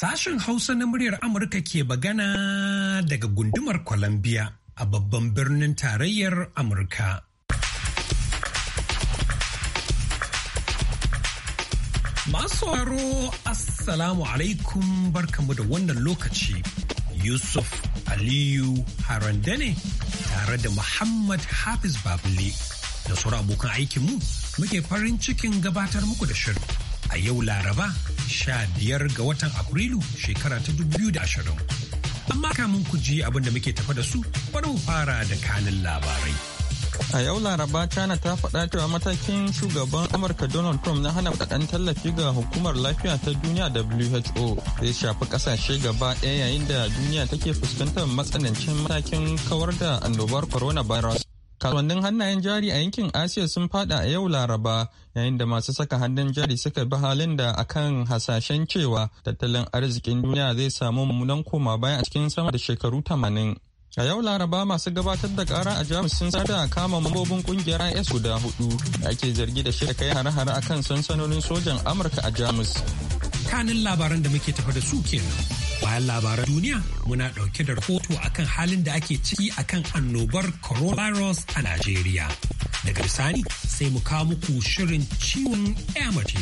Sashen Hausa na muryar Amurka ke bagana daga gundumar Columbia a babban birnin tarayyar Amurka. Masu haro Assalamu alaikum barkamu da wannan lokaci. Yusuf Aliyu Harandane tare da Muhammad Hafiz Babule da sauran abokan aikinmu muke farin cikin gabatar muku da shirin a yau Laraba 15 ga watan Afrilu shekara ta 2020. Amma kamun ku ji abin da muke tafa da su bari mu fara da kanin labarai. A yau Laraba China ta faɗa cewa matakin shugaban Amurka Donald Trump na hana kaɗan tallafi ga hukumar lafiya ta duniya WHO zai shafi ƙasashe gaba ɗaya yayin da duniya take fuskantar matsanancin matakin kawar da annobar coronavirus. kasuwannin hannayen jari a yankin asiya sun fada a yau laraba yayin da masu saka hannun jari suka bi halin da akan hasashen cewa tattalin arzikin duniya zai samu mummunan koma bayan a cikin sama da shekaru 80 a yau laraba masu gabatar da ƙara a jamus sun sada kama mambobin ƙungiyar is guda hudu da ake zargi da shirya kai hare-hare akan sansanonin sojan amurka a jamus kanin labaran da muke tafa da su kenan Bayan labaran duniya muna ɗauke da rahoto akan halin da ake ciki akan annobar coronavirus a Najeriya. Daga bisani sai mu kawo muku shirin ciwon mace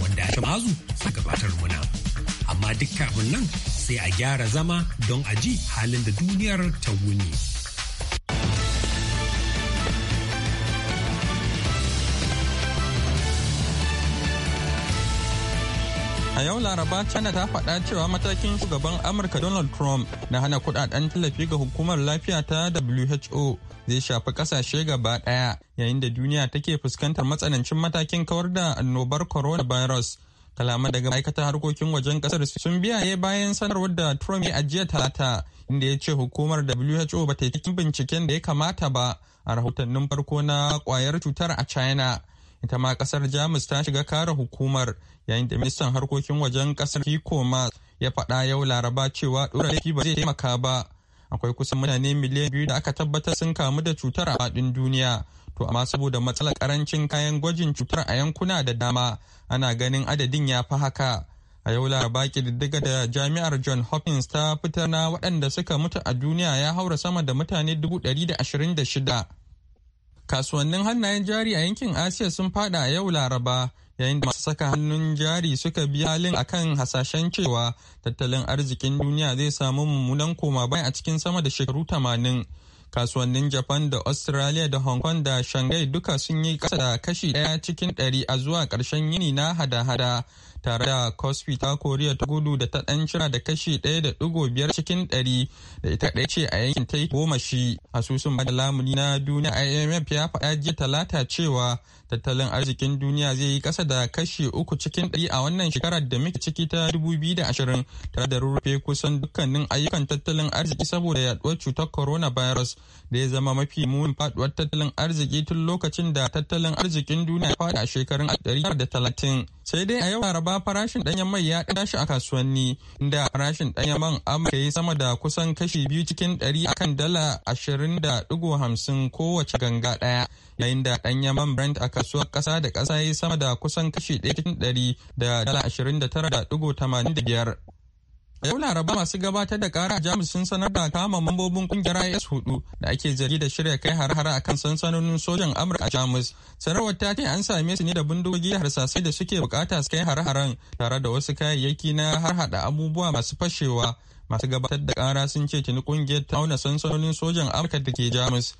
wanda ake mazu su gabatar muna. Amma duk kafin nan sai a gyara zama don a ji halin da duniyar ta wuni. A yau Laraba China ta faɗa cewa matakin shugaban Amurka Donald Trump na hana kudaden tallafi ga hukumar lafiya ta WHO zai shafi ƙasashe gaba ɗaya yayin da duniya take fuskantar matsanancin matakin kawar da annobar coronavirus. Kalama daga ma'aikatan harkokin wajen ƙasar sun biya biyaye bayan sanarwar da Trump ya ajiya talata inda ya ce hukumar WHO ba ta yi binciken da ya kamata ba a rahotannin farko na kwayar cutar a China. ita ma kasar jamus ta shiga kare hukumar yayin da ministan harkokin wajen kasar fiko ma ya faɗa yau laraba cewa ɗora laifi ba zai taimaka ba akwai kusan mutane miliyan biyu da aka tabbatar sun kamu da cutar a faɗin duniya to amma saboda matsalar karancin kayan gwajin cutar a yankuna da dama ana ganin adadin ya fi haka a yau laraba kididdiga da jami'ar john hopkins ta fitar na waɗanda suka mutu a duniya ya haura sama da mutane dubu ɗari da ashirin da shida kasuwannin hannayen jari a yankin asiya sun fada a yau laraba yayin da masu saka hannun jari suka biya halin akan hasashen cewa tattalin arzikin duniya zai samu mummunan koma bayan a cikin sama da shekaru tamanin kasuwannin japan da australia da hong kong da shanghai duka sun yi kasa da kashi daya cikin ɗari a zuwa karshen yini na hada-hada tare da cosby ta Koriya ta gudu da ta ɗan cira da kashi ɗaya da ɗigo biyar cikin ɗari da ita ɗaya ce a yankin ta goma shi. Asusun bada lamuni na duniya IMF ya faɗa jiya talata cewa tattalin arzikin duniya zai yi ƙasa da kashi uku cikin ɗari a wannan shekarar da muke ciki ta dubu biyu da ashirin tare da rurrufe kusan dukkanin ayyukan tattalin arziki saboda yaɗuwar cutar coronavirus da ya zama mafi munin faɗuwar tattalin arziki tun lokacin da tattalin arzikin duniya ya faɗi a shekarun ɗari da talatin. Sai dai a yau Laraba ma farashin ɗanyen mai ya tashi a kasuwanni inda farashin ɗanyen man Amurka ya sama da kusan kashi biyu cikin ɗari akan dala ashirin da ɗigo hamsin kowace ganga ɗaya. Yayin da ɗanyen man Brent a kasuwar ƙasa da ƙasa ya sama da kusan kashi ɗaya cikin ɗari da dala ashirin da tara da ɗigo tamanin da biyar. yau laraba masu gabatar da kara jamus sun sanar da kama mambobin kungiyar is hudu da ake zargi da shirya kai har-har a kan sansanonin sojan amurka a jamus sanarwar ta ce an same su ne da bindigogi da harsasai da suke bukata su kai har-haren tare da wasu kayayyaki na harhaɗa abubuwa masu fashewa masu gabatar da kara sun ce tuni kungiyar ta auna sansanonin sojan amurka da ke jamus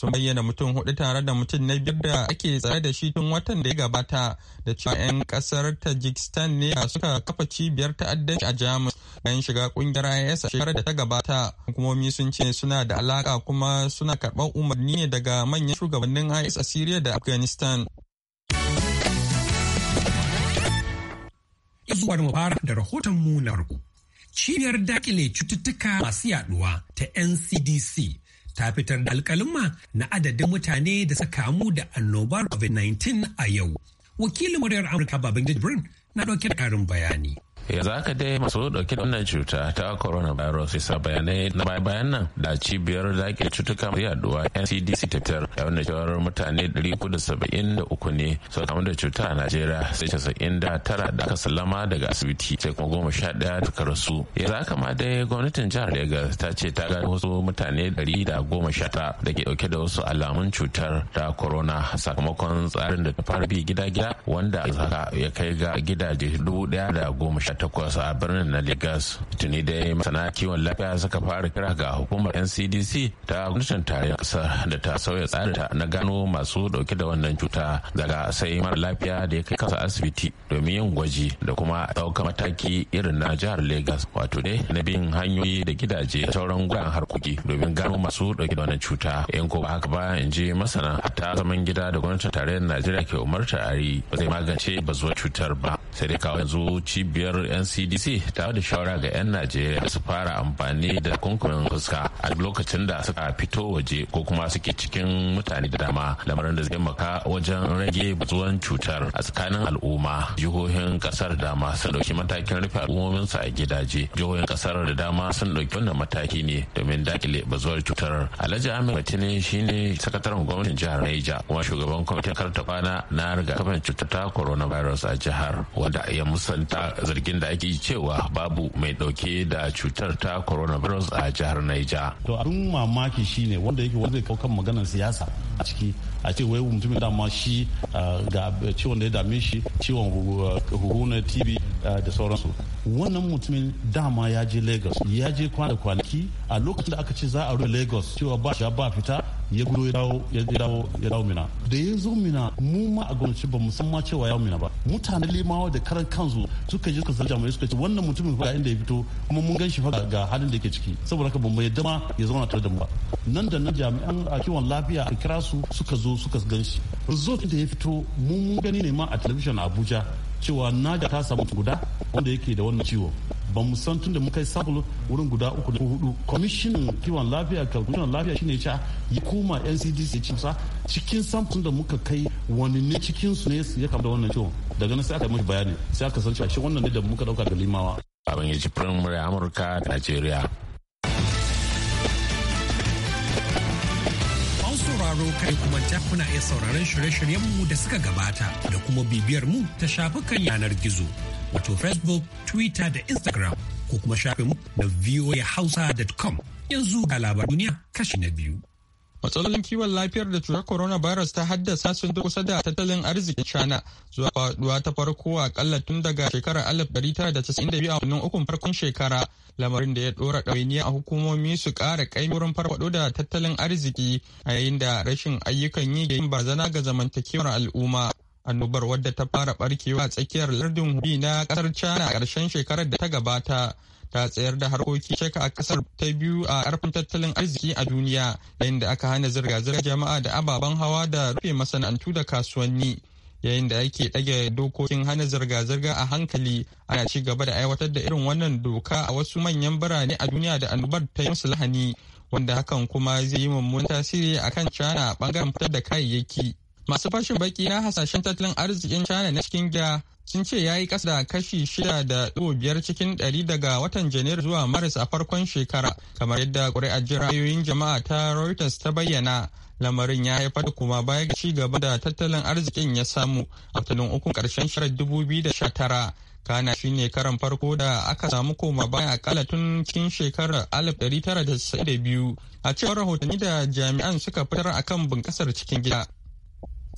sun bayyana mutum hudu tare da mutum na biyar da ake tsare da shi tun watan da ya gabata da cewa 'yan kasar tajikistan ne suka kafa cibiyar ta'addanci a jamus bayan shiga kungiyar is a shekarar da ta gabata hukumomi sun ce suna da alaka kuma suna karɓar umarni ne daga manyan shugabannin is a syria da afghanistan Izuwar fara da rahoton mu na farko. Cibiyar dakile cututtuka masu yaduwa ta NCDC ta fitar da alkalinma na adadin mutane da suka kamu da annobar COVID-19 a yau. Wakilin muryar Amurka Babangida Jibrin na ɗauke da ƙarin bayani. yanzu haka dai masu dauke da wannan cuta ta coronavirus isa bayanai na bayan nan da cibiyar ke cutuka mai yaduwa ncdc ta fitar da wanda cewar mutane 373 ne su kamu da cuta a najeriya sai tara da aka sallama daga asibiti sai kuma goma sha daya ta rasu yanzu haka ma dai gwamnatin jihar lagos ta ce ta gano wasu mutane 119 da ke dauke da wasu alamun cutar ta corona sakamakon tsarin da ta fara bi gida-gida wanda haka ya kai ga gidaje 1019 takwas a birnin na Legas. Tuni dai masana kiwon lafiya suka fara kira ga hukumar NCDC ta gwamnatin tarayyar kasa da ta sauya ta na gano masu dauke da wannan cuta daga sai mara lafiya da ya kai kasa asibiti domin yin gwaji da kuma ɗaukar mataki irin na jihar Legas wato ne na bin hanyoyi da gidaje da sauran guraren harkoki domin gano masu dauke da wannan cuta. In ko ba haka ba in ji masana ta zaman gida da gwamnatin tarayyar Najeriya ke umarta a yi ba zai magance bazuwar cutar ba. Sai dai kawai yanzu cibiyar ncdc ta da shawara ga 'yan najeriya da su fara amfani da kunkurin fuska a lokacin da suka fito waje ko kuma suke cikin mutane da dama lamarin da zai maka wajen rage buzuwan cutar a tsakanin al'umma jihohin kasar dama sun dauki matakin rufe su a gidaje jihohin kasar da dama sun dauki wannan mataki ne domin dakile bazuwar cutar alhaji ahmed batini shine sakataren gwamnatin jihar naija kuma shugaban kwamitin karta kwana na rigakafin cutar ta coronavirus a jihar wanda ya musanta zargin yayin da ake cewa babu mai dauke da cutar ta coronavirus a jihar Naija. To abin mamaki shine wanda yake wanda kawo kan maganar siyasa a ciki a ce wai da ma shi ga ciwon da ya dame shi ciwon huhu na tv da sauransu wannan mutumin dama ya je lagos ya je kwana kwanaki a lokacin da aka ce za a rufe lagos cewa ba shi ba fita ya gudu ya dawo ya dawo mina da ya zo mina mu ma a gwamnati ba mu san cewa ya mina ba mutanen limawa da karan kansu suka je suka sarja mai suka ce wannan mutumin fa inda ya fito kuma mun gan shi fa ga halin da yake ciki saboda haka bamu yadda ma ya zauna tare da mu ba nan da nan jami'an a kiwon lafiya a kira su suka zo suka gan shi result da ya fito mun gani ne ma a television Abuja cewa naja ta samu guda wanda yake da wannan ciwo ba mu san tun da mun kai sabulu wurin guda uku da hudu kwamishinan kiwon lafiya kwamishinan lafiya shine ya ya koma ncdc ya cimsa cikin samfun da muka kai wani ne cikin su ne ya kama da wannan ciwon daga nan sai aka mashi bayani sai aka san cewa shi wannan ne da muka dauka da limawa. Abin ya ci firin Amurka da Najeriya. sauraro kai kuma ta kuna iya sauraron shirye-shiryenmu da suka gabata da kuma bibiyar mu ta shafukan yanar gizo wato Facebook, Twitter da Instagram ko kuma shafin mu na voahausa.com yanzu ga labar duniya kashi na biyu. matsalolin kiwon lafiyar da cutar coronavirus ta haddasa sun kusa da tattalin arzikin china zuwa faduwa ta farko a akalla tun daga shekarar 1992 a wannan ukun farkon shekara lamarin da ya dora ɗawainiya a hukumomi su ƙara wurin farfaɗo da tattalin arziki a yayin da rashin ayyukan yi yin barazana ga zamantakewar al'umma annobar wadda ta fara barkewa tsakiyar lardin hubi na ƙasar china a ƙarshen shekarar da ta gabata ta tsayar da harkokin shaka a kasar ta biyu a karfin tattalin arziki a duniya yayin da aka hana zirga zirga jama'a da ababen hawa da rufe masana'antu da kasuwanni yayin da ake ɗage dokokin hana zirga-zirga a hankali ana ci gaba da aiwatar da irin wannan doka a wasu manyan birane a duniya da annobar ta yi lahani wanda hakan kuma zai yi mummunan tasiri a kan china bangaren fitar da kayayyaki masu fashin baki na hasashen tattalin arzikin china na cikin gida sun ce ya yi kasa da kashi shida da biyar cikin ɗari daga watan janairu zuwa maris a farkon shekara kamar yadda ƙuri'ar jirayoyin jama'a ta reuters ta bayyana lamarin ya haifar da kuma baya ga ci gaba da tattalin arzikin ya samu a tattalin ukun ƙarshen sha tara kana ne karan farko da aka samu koma baya akalla tun cikin shekarar alif tara da biyu a cewar rahotanni da jami'an suka fitar akan bunƙasar cikin gida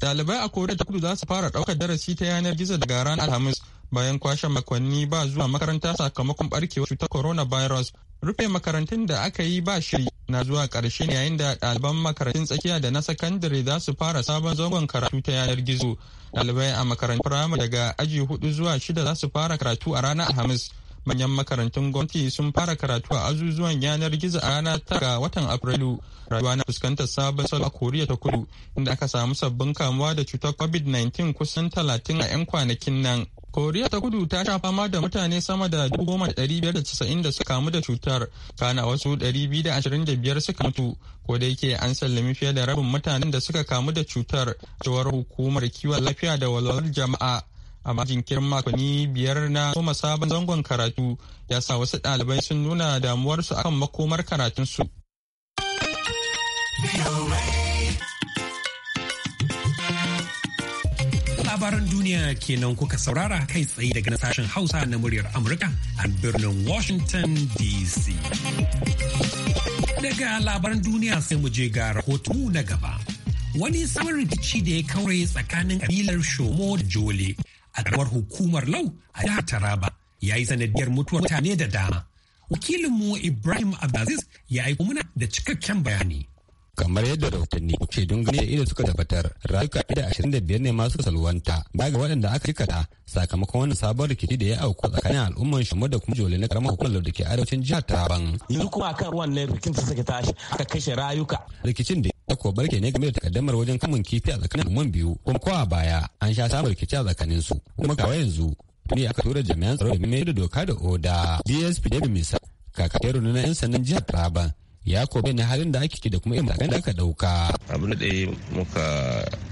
Dalibai a Koriya ta Kudu za su fara ɗaukar darasi ta yanar gizo daga ranar Alhamis bayan kwashe makonni ba zuwa makaranta sakamakon barkewar cutar coronavirus. Rufe makarantun da aka yi ba shiri na zuwa ƙarshe ne yayin da ɗaliban makarantun tsakiya da na sakandare za su fara sabon zangon karatu ta yanar gizo. dalibai a makarantun firamare daga aji hudu zuwa shida za su fara karatu a ranar Alhamis. manyan makarantun gwamnati sun fara karatu a azuzuwan yanar gizo a rana ta ga watan afrilu rayuwa na fuskantar sabon salo a koriya ta kudu inda aka samu sabbin kamuwa da cutar covid-19 kusan talatin a 'yan kwanakin nan koriya ta kudu ta sha fama da mutane sama da goma da biyar da suka kamu da cutar kana wasu 225 biyar suka mutu ko da yake an sallami fiye da rabin mutanen da suka kamu da cutar cewar hukumar kiwon lafiya da walwalar jama'a amma jinkirin makonni biyar na soma sabon zangon karatu ya sa wasu ɗalibai sun nuna damuwarsu akan makomar karatunsu. Labaran duniya kenan kuka saurara kai tsaye daga sashen Hausa na muryar Amurka a birnin Washington DC. Daga labaran duniya sai mu je ga rahoto na gaba. Wani samun rikici da ya kaure tsakanin kabilar Shomo da Jole a hukumar lau a jihar Taraba ya yi sanadiyar mutuwar mutane da dama. Wakilinmu Ibrahim Abdulaziz ya yi muna da cikakken bayani. kamar yadda rahotanni ke dungane ido suka tabbatar rayuka ida ashirin da biyar ne masu salwanta ba ga waɗanda aka jikata sakamakon wani sabon rikici da ya auku tsakanin al'umman shumo da kuma jole na karamar hukumar da ke arewacin jihar taraban yanzu kuma akan ruwan ne rikicin ta tashi aka kashe rayuka rikicin da ko barke ne game da takaddamar wajen kamun kifi a tsakanin al'umman biyu kuma kowa a baya an sha samun rikici a tsakanin su kuma kawai yanzu ne aka tura jami'an tsaro da mai da doka da oda dsp da misa kakakiyar na 'yan sannan jihar Taraba ya kobe na halin da ake ciki da kuma yin matakan da aka dauka. abin da muka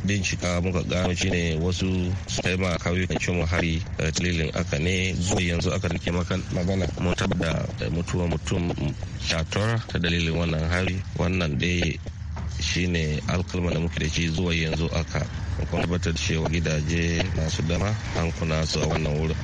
bincika muka gano shine wasu su kai ma kan cin hari dalilin aka ne zuwa yanzu aka rike magana mun tabbata mutuwa mutum shatar ta dalilin wannan hari wannan dai shine alkalma da muke da shi zuwa yanzu aka kuma tabbatar cewa gidaje masu dama an kuna su a wannan wurin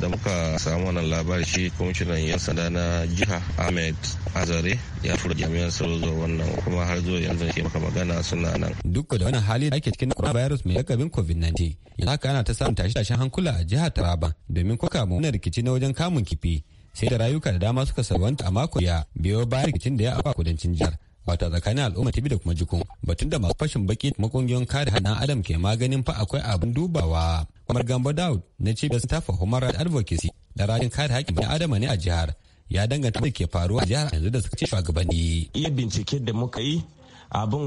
da muka samu wannan labari shi kwamishinan yan sanda na jiha ahmed azare ya tura jami'an tsaro zuwa wannan kuma har zuwa yanzu ke maka magana suna nan duk da wannan hali da ake cikin virus mai lakabin covid-19 yanzu haka ana ta samun tashi tashin hankula a jihar taraba domin kuka mu rikici na wajen kamun kifi sai da rayuka da dama suka salwanta a mako ya biyo bayan rikicin da ya afa kudancin jihar wata tsakanin al'umma ta da kuma jikun batun da masu fashin baki makungiyoyin kare hana adam ke maganin fa akwai abin dubawa kamar gambo daud na cibiyar staff of human rights advocacy da rajin kare haƙƙin bin adama ne a jihar ya danganta da ke faruwa a jihar yanzu da suka ce shugabanni. iya bincike da muka yi abin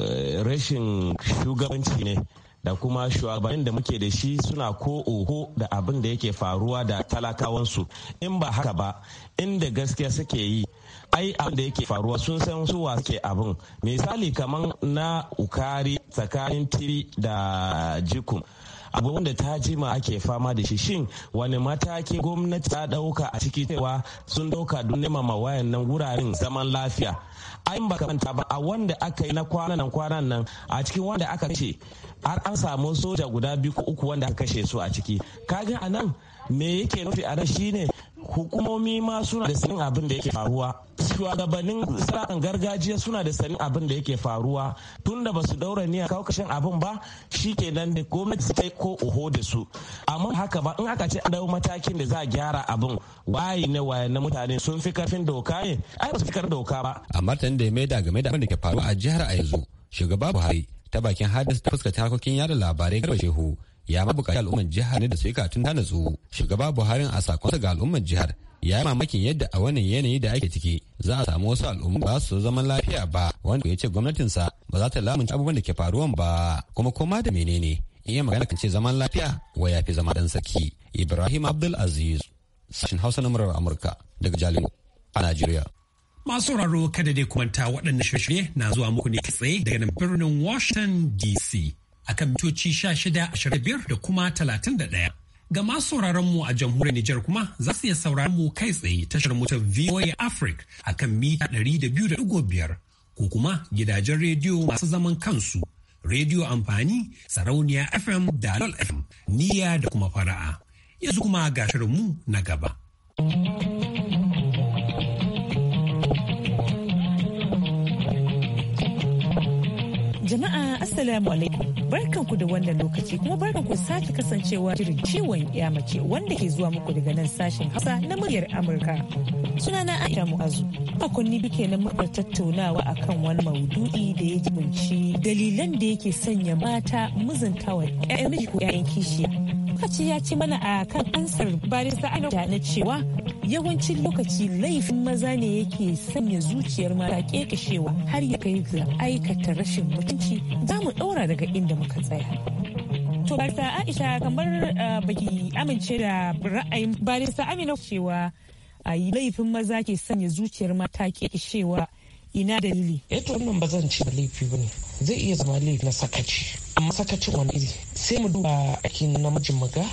eh, rashin shugabanci ne da kuma shugabannin da muke da shi suna ko oho da abin da yake faruwa da talakawansu in ba haka ba inda gaskiya suke yi ai abin da yake faruwa sun san su suke abin misali kamar na ukari tsakanin tiri da jikun abu wanda ta jima ake fama da shi shin wani mataki gwamnati ta ɗauka a ciki cewa sun dauka don ma wayan nan wuraren zaman lafiya ai ba ka manta ba a wanda aka yi na kwanan nan kwanan nan a cikin wanda aka kashe har an samu soja guda biyu ko uku wanda aka kashe su a ciki kaga a nan me yake nufi a nan shine hukumomi ma suna da sanin abin da yake faruwa shugabannin sarakan gargajiya suna da sani abin da yake faruwa tun da ba su daura niyyar kawo kashin abin ba shi ke nan da gwamnati ta ko oho da su amma haka ba in aka ce an dawo matakin da za a gyara abin waye ne waye na mutane sun fi karfin doka ne ai ba su fi karfin doka ba. a ta da ya maida game da abin da ke faruwa a jihar a yanzu shugaba buhari ta bakin hadis ta fuskata harkokin yada labarai garba shehu ya mabukaci al'ummar jihar ne da su yi katun ta natsu shugaba buhari a sakonsa ga al'ummar jihar ya yi mamakin yadda a wannan yanayi da ake ciki za a samu wasu al'umma ba su zaman lafiya ba wanda ya ce gwamnatinsa ba za ta lamunci abubuwan da ke faruwan ba kuma koma da menene iya magana kan ce zaman lafiya wa ya fi zama dan saki ibrahim abdul aziz sashen hausa na murar amurka daga jalingo a najeriya masu sauraro kada dai kumanta waɗannan shirye na zuwa muku ne tsaye daga nan birnin washington dc akan mitoci 16 25 da kuma talatin da ɗaya. Ga masu sauraron mu a jamhuriyar Nijar kuma za su iya sauraron mu kai tsaye tashar motar VOA Africa a kan mita 200.5 ko kuma gidajen rediyo masu zaman kansu, rediyo amfani, sarauniya FM da Alol FM, niya da kuma fara'a. Yanzu kuma ga mu na gaba. Jama'a Assalamu alaikum ku da wannan lokaci kuma ku sake kasancewa jirin ciwon ya mace wanda ke zuwa muku daga nan sashen Hausa na muryar Amurka. Sunana Aisha Mu'azu. Makonni bike na muka tattaunawa akan wani maudu'i da ya jimunci dalilan da yake sanya mata muzantawa 'ya'yan miji ko 'ya'yan kishiya lokaci ya ci mana a kan ansar barista ainihin na cewa yawancin lokaci laifin maza ne yake sanya zuciyar mata kekashewa har ya kai ga aikata rashin mutunci za mu daura daga inda muka tsaya. To barista Aisha kamar ah, baki amince da ra'ayin barista Amina cewa a laifin maza ke sanya zuciyar mata kekashewa ina dalili eh to wannan ba zan ci da laifi ba ne. zai iya zama laifi na sakaci amma sakacin wani iri sai mu duba aikin namijin maga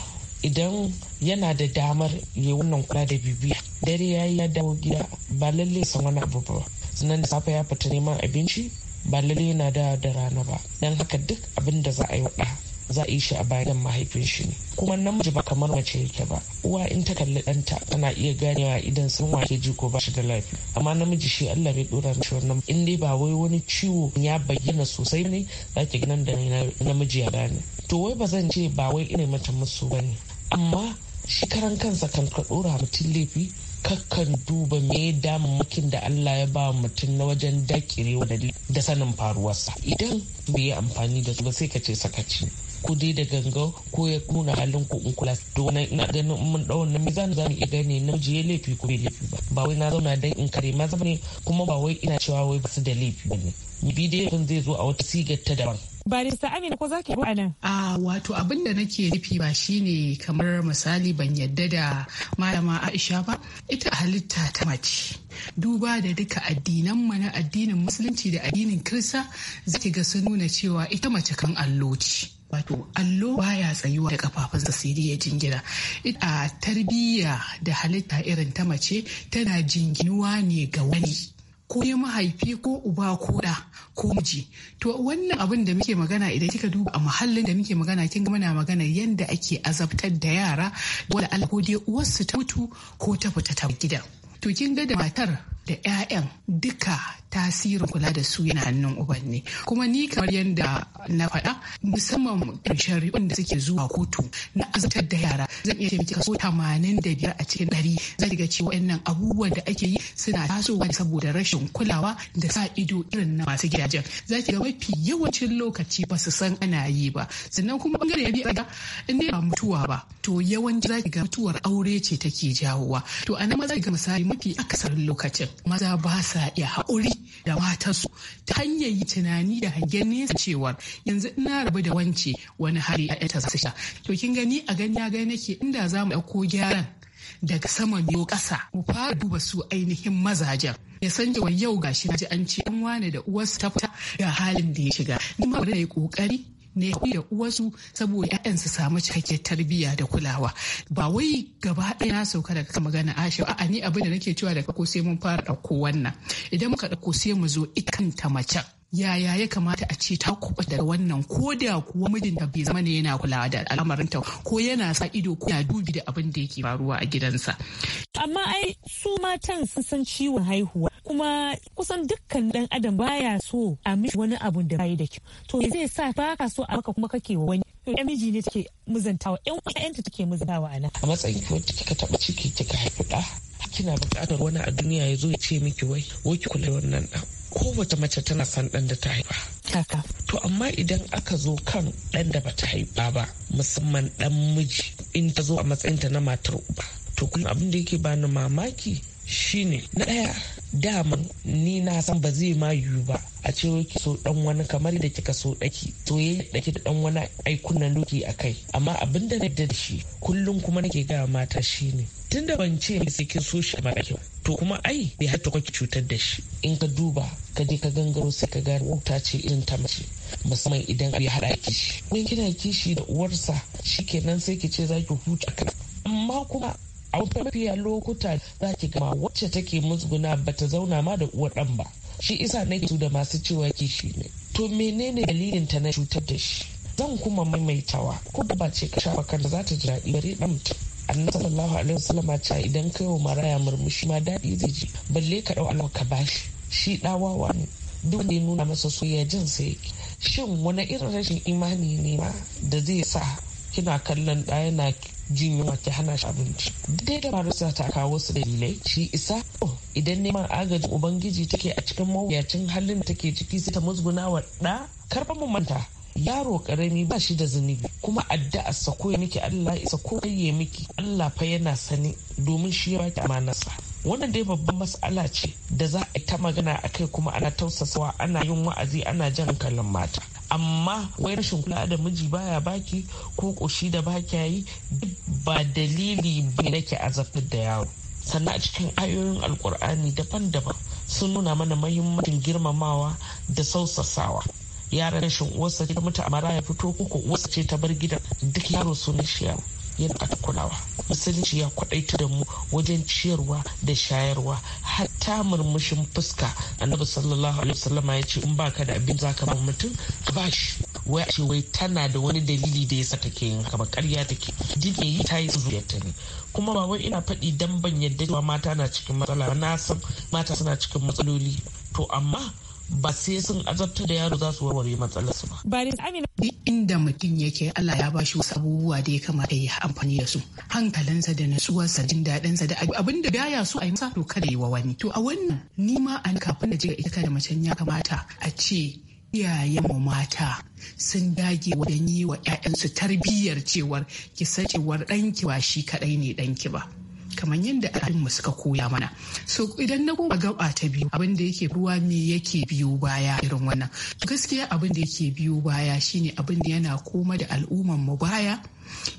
idan yana da damar yi wannan kula da bibiya dare ya yi ya dawo gida ba lalle san wani abu ba sannan da safe ya fita neman abinci ba lallai yana da da rana ba don haka duk abin da za a yi waɗa za a yi shi a bayan mahaifin shi ne kuma namiji ba kamar mace yake ba uwa in ta kalli ɗanta tana iya ganewa idan sun wake ji ko ba da lafiya amma namiji shi Allah bai dora mishi wannan in dai ba wai wani ciwo ya bayyana sosai ne za ki ganin da namiji ya gane to wai ba zan ce ba wai ina mata musu bane amma shi karan kansa kan ka dora mutum laifi kakan duba me damammakin da Allah ya ba mutum na wajen dakire da sanin faruwarsa idan bai yi amfani da su ba sai ka ce sakaci kudi dai da gangan ko ya kuna halin ku in kula to wannan ina ganin mun dau na mi zan zan iya gane na ya laifi ko bai laifi ba ba wai na zauna dan in kare maza bane kuma ba wai ina cewa wai basu da laifi ne. bi dai zai zo a wata sigar ta daban barista amina ko zaki ruwa anan a wato abin da nake nufi ba shine kamar misali ban yadda da malama aisha ba ita halitta ta mace duba da duka addinan mu na addinin musulunci da addinin kirista zaki ga sun nuna cewa ita mace kan alloci. wato allo baya tsayuwa da sa sai ya jingina a tarbiyya da halitta irin ta mace tana jinginuwa ne ga wani ko ya mahaifi ko uba ko da ko miji to wannan abin da muke magana idan kika duba a muhallin da muke magana kin muna magana yanda ake azabtar da yara wala Allah ko uwarsu ta mutu ko ta fita ta gidan to kin ga da matar da 'ya'yan duka tasirin kula da su yana hannun uban ne kuma ni kamar yadda na faɗa musamman shari'un da suke zuwa kotu na azabtar da yara zan iya taimaki kaso tamanin da biyar a cikin ɗari za ga cewa waɗannan abubuwan da ake yi suna tasowa ne saboda rashin kulawa da sa ido irin na masu gidajen za ki ga mafi yawancin lokaci ba su san ana yi ba sannan kuma bangare ya biya in dai ba mutuwa ba to yawanci za ki ga mutuwar aure ce take jawowa to a nan ma za ki ga misali mafi akasarin lokacin maza ba sa iya haƙuri da matarsu ta hanyar yi tunani da hangen nesa cewa yanzu ina rabu da wance wani hari a ta zasu sha to kin gani a gani ya gani nake inda za mu ɗauko gyaran daga sama biyo ƙasa mu fara duba su ainihin mazajen ya san cewa yau gashi na ji an ce an wane da uwarsa ta fita ga halin da ya shiga ni ma bari na yi ƙoƙari ne da uwarsu saboda 'ya'yan su samu cikakke tarbiyya da kulawa ba wai gaba ɗaya na sauka daga magana ashe a'a ni abin da nake cewa daga ko sai mun fara ɗauko wannan idan muka ɗauko sai mu zo ta macen yaya ya kamata a ce ta kuɓa daga wannan ko da kuwa mijinta bai zama ne yana kulawa da al'amarinta ko yana sa ido ko yana dubi da abin da yake faruwa a gidansa. Amma ai su matan sun san ciwon haihuwa kuma kusan dukkan dan adam baya so a mishi wani abun da bai da kyau to zai sa ba so a baka kuma kake wa wani to yan miji ne take muzantawa yan ƴaƴanta take muzantawa ana a matsayin ki wacce kika taba ciki kika haifi da kina buƙatar wani a duniya ya zo ya ce miki wai wai ki kula wannan Ko kowace mace tana san ɗan da ta haifa. Haka. To amma idan aka zo kan ɗan da bata haifa ba musamman ɗan miji in ta zo a matsayinta na matar uba. To kuma abin da yake bani mamaki shine na ɗaya dama ni na san ba zai ma yiwu ba a ce ki so dan wani kamar da kika so daki to yi daki da dan wani aikunan doki a kai amma abin da na da shi kullum kuma nake ga mata shine tun da ban ce sai sikin so shi mara kyau to kuma ai bai hatta kwaki cutar da shi in ka duba ka je ka gangaro sai ka ga wuta ce irin ta mace musamman idan ya hada kishi in kina kishi da uwarsa shikenan sai ki ce zaki huta amma kuma a wata mafiya lokuta za ki gama wacce take musguna ba ta zauna ma da uwar ɗan ba shi isa nake su da masu cewa shi ne to menene dalilin ta na cutar da shi zan kuma maimaitawa ko ba ce ka shafa kanta za ta ji daɗi bare ɗan mutum annabi sallallahu alaihi wasallam ce idan kai wa maraya murmushi ma daɗi zai ji balle ka ɗau alawa ka bashi shi ɗawawa ne duk wanda ya nuna masa soyayya jin sai shin wani irin rashin imani ne ma da zai sa kina kallon ɗaya na jin yunwa ta hana shi abinci dai da marusa ta kawo su dalilai shi isa idan neman agajin ubangiji take a cikin mawuyacin halin da take ciki sai ta musguna wa ɗa karfan mu manta yaro karami ba shi da zunubi kuma addu'a sa koya miki Allah isa ko ya miki Allah fa yana sani domin shi ya baki amanarsa wannan dai babban mas'ala ce da za a ta magana akai kuma ana tausasawa ana yin wa'azi ana jan kallon mata amma wai rashin kula da miji baya baki ko koshi da baki yi ba dalili ba nake azabtar da yaro sannan a cikin ayoyin alkur'ani daban-daban sun nuna mana mahimmancin girmamawa da sausasawa yaran rashin uwarsa ta mutu a mara ya fito ko uwarsa ce ta bar gidan duk yaro sunan shi yaro yana bata kulawa musulunci ya kwadaita da mu wajen ciyarwa da shayarwa hatta murmushin fuska annabi sallallahu alaihi wasallam ya ce in baka da abin zaka ba mutum ka ba shi wai ce wai tana da wani dalili da yasa take yin haka ba ƙarya take dinne yi ta yi ne kuma ba wai ina faɗi dan ban yadda cewa mata na cikin matsala na san mata suna cikin matsaloli to amma ba sai sun azabta da yaro za su warware su ba. Duk inda mutum yake Allah ya bashi wasu abubuwa da ya kamata ya amfani da su. Hankalinsa da nasuwarsa jin daɗinsa da abin da baya so a yi masa to kada yi wa wani. To a wannan ni ma an kafin da jiga ita da macen ya kamata a ce iyayen mu mata sun dage wajen yi wa 'ya'yansu tarbiyyar cewar ki san cewar ɗanki ba shi kaɗai ne ɗanki ba. kamar yadda mu suka koya mana so idan na goma gaba ta biyu abin da yake ruwa me yake biyo baya irin wannan gaskiya abin da yake biyo baya shine abin da yana koma da al'umman mu baya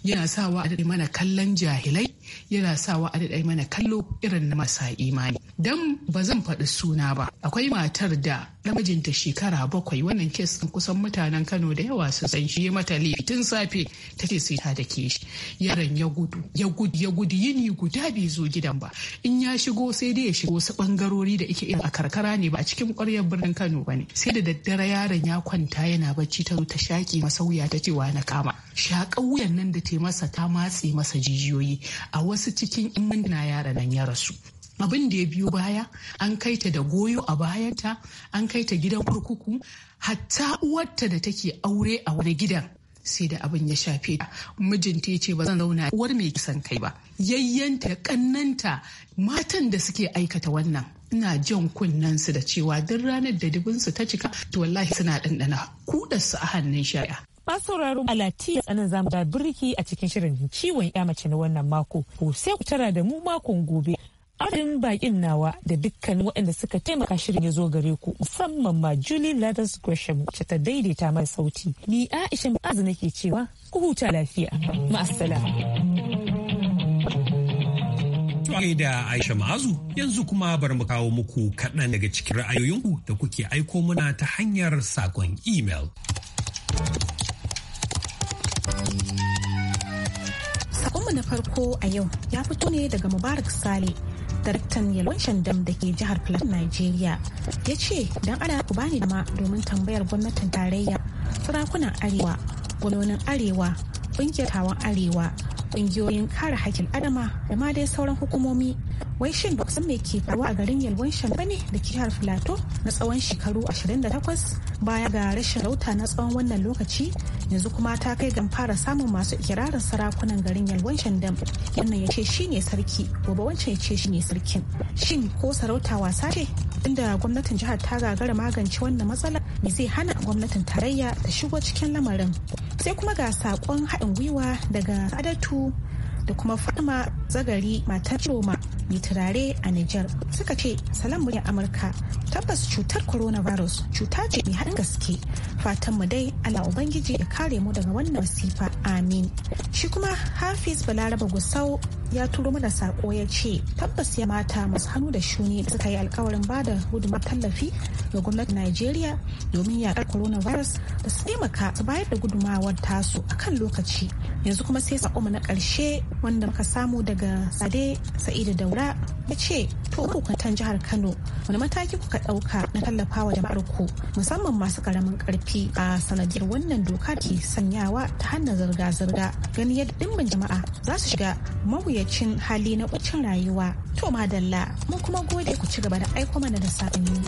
yana sawa a daɗe mana kallon jahilai yana sawa a daɗe mana kallo irin na masa imani don ba zan faɗi suna ba akwai matar da namijinta shekara bakwai wannan kes ɗin kusan mutanen kano da yawa su san shi mata laifi tun safe take sai ta da ke shi yaron ya gudu ya gudu ya gudu yini guda bai zo gidan ba in ya shigo sai dai ya shigo wasu bangarori da ike a karkara ne ba a cikin ƙwaryar birnin kano ba ne sai da daddare yaron ya kwanta yana bacci ta zo ta shaƙi masauya ta cewa na kama shaƙa wuyan nan da ta masa ta matse masa jijiyoyi a wasu cikin in muna yara nan ya rasu abin da ya biyo baya an kai ta da goyo a bayanta an kai ta gidan kurkuku hatta uwarta da take aure a wani gidan sai da abin ya shafe ta mijinta ya ce ba zan zauna uwar mai kisan kai ba yayyanta kannanta matan da suke aikata wannan ina jan kunnen su da cewa duk ranar da dubinsu ta cika to wallahi suna ɗanɗana kudarsu a hannun shari'a masu sauraro a tsanan zamu da birki a cikin shirin ciwon ya mace na wannan mako ko sai ku tara da mu makon gobe adadin bakin nawa da dukkanin waɗanda suka taimaka shirin ya zo gare ku musamman ma Julie Ladders Gresham ce ta daidaita mai sauti ni Aisha Ma'azu nake cewa ku huta lafiya ma'asala. Kai da Aisha Ma'azu yanzu kuma bar mu kawo muku kaɗan daga cikin ra'ayoyinku da kuke aiko muna ta hanyar saƙon email. na farko a yau ya fito ne daga Mubarak Sale, daraktan yalwan shandam da ke jihar Plateau, Nigeria. Ya ce, don ana ku bani dama domin tambayar gwamnatin tarayya, sarakunan Arewa, gwamnonin Arewa, ƙungiyar hawan Arewa kungiyoyin kare hakkin adama da ma dai sauran hukumomi wai shin ba san me ke faruwa a garin yalwan ba ne da kihar filato na tsawon shekaru 28 baya ga rashin rauta na tsawon wannan lokaci yanzu kuma ta kai gan fara samun masu ikirarin sarakunan garin yalwan shandam yannan ya ce shine sarki gobe wancan ya ce shine sarkin shin ko sarauta wasa ce inda gwamnatin jihar ta gagara magance wannan matsala me zai hana gwamnatin tarayya ta shigo cikin lamarin sai kuma ga sakon haɗin gwiwa daga adatu da kuma fatima zagari matar roma mai turare a niger suka ce salam muryar amurka tabbas cutar coronavirus cuta ce mai haɗin gaske fatan mu dai allah ubangiji ya kare mu daga wannan masifa amin shi kuma hafiz balaraba gusau ya turo mana sako ya ce tabbas ya mata masu hannu da shuni da suka yi alkawarin ba da gudunmar tallafi ga gwamnatin Najeriya domin yakar coronavirus da su taimaka su bayar da gudunmawar tasu a kan lokaci. Yanzu kuma sai sako na karshe wanda muka samu daga Sade Sa'idu Daura ya ce to hukuntan jihar Kano wani mataki kuka ɗauka na tallafawa jama'ar ku musamman masu karamin karfi a sanadiyar wannan doka ke sanyawa ta hannun zirga-zirga gani yadda dimbin jama'a za su shiga mawuyar cin hali na bacin rayuwa. To ma madalla mun kuma gode ku ci gaba da aiko mana da saƙonni.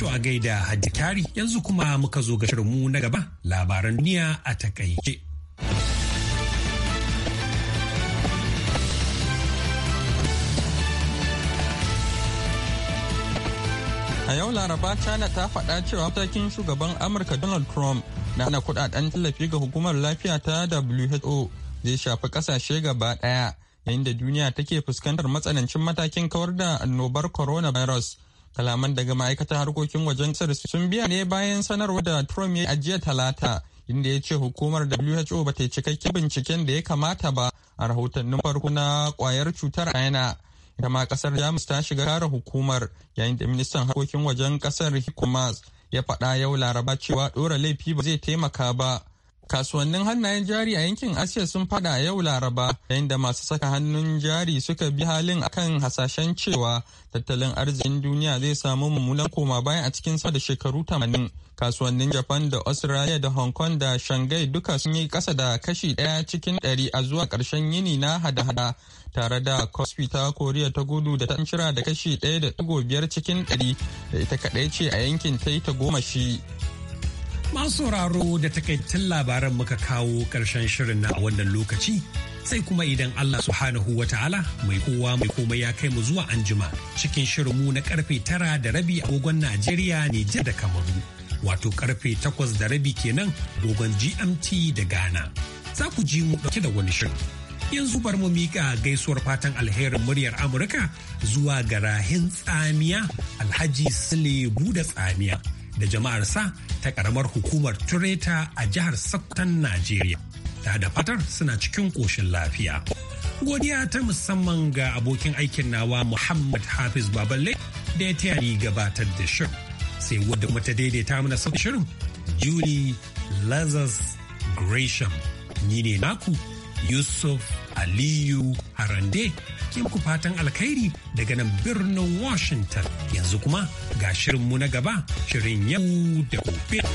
To a gaida Hajji Kyari yanzu kuma muka zo ga shirinmu na gaba labaran duniya a takaice. A yau Laraba China ta faɗa cewa matakin shugaban Amurka Donald Trump na hana kudaden tallafi ga hukumar lafiya ta WHO zai shafi kasashe gaba ɗaya yayin da duniya take fuskantar matsanancin matakin kawar da annobar coronavirus. Kalaman daga ma'aikatar harkokin wajen su sun biya ne bayan sanarwar da Trump ya ajiye talata inda ya ce hukumar WHO ba ta yi cikakken binciken da ya kamata ba a rahotannin farko na kwayar cutar China. ita ma kasar jamus ta shiga kare hukumar yayin da ministan harkokin wajen kasar hikumas ya faɗa yau laraba cewa ɗora laifi ba zai taimaka ba Kasuwannin hannayen jari a yankin Asiya sun fada yau Laraba yayin da masu saka hannun jari suka bi halin akan hasashen cewa tattalin arzikin duniya zai samu mummunan koma bayan a cikin sa da shekaru 80. Kasuwannin Japan da Australia da Hong Kong da Shanghai duka sun yi kasa da kashi daya cikin ɗari a zuwa karshen yini na hada-hada tare da Kospi ta ta gudu da ta da kashi ɗaya da cikin ɗari da ita kaɗai ce a yankin ta yi ta goma shi. Masu sauraro da takaitattun labaran muka kawo ƙarshen shirin na a wannan lokaci sai kuma idan Allah subhanahu wa ta'ala mai kowa mai komai ya kai mu zuwa anjima cikin shirin mu na karfe tara da rabi agogon Najeriya Nijar da Kamaru wato karfe takwas da rabi kenan dogon GMT da Ghana. Za ku ji mu ɗauke da wani shirin. Yanzu bar mu mika gaisuwar fatan alherin muryar Amurka zuwa ga rahin tsamiya Alhaji Sule Buda Tsamiya. da jama'ar sa ta karamar hukumar Tureta a jihar Sokoton Najeriya. Ta da fatar suna cikin ƙoshin lafiya. Godiya ta musamman ga abokin aikin nawa Muhammad Hafiz Baballe da ya taya gabatar da shirin. Sai wadda kuma ta daidaita mana sauƙin shirin Julie Lazarus Gresham. Ni ne naku Yusuf Aliyu Harande ke muku fatan alkhairi daga nan birnin Washington yanzu kuma ga shirinmu na gaba shirin yau da gobe.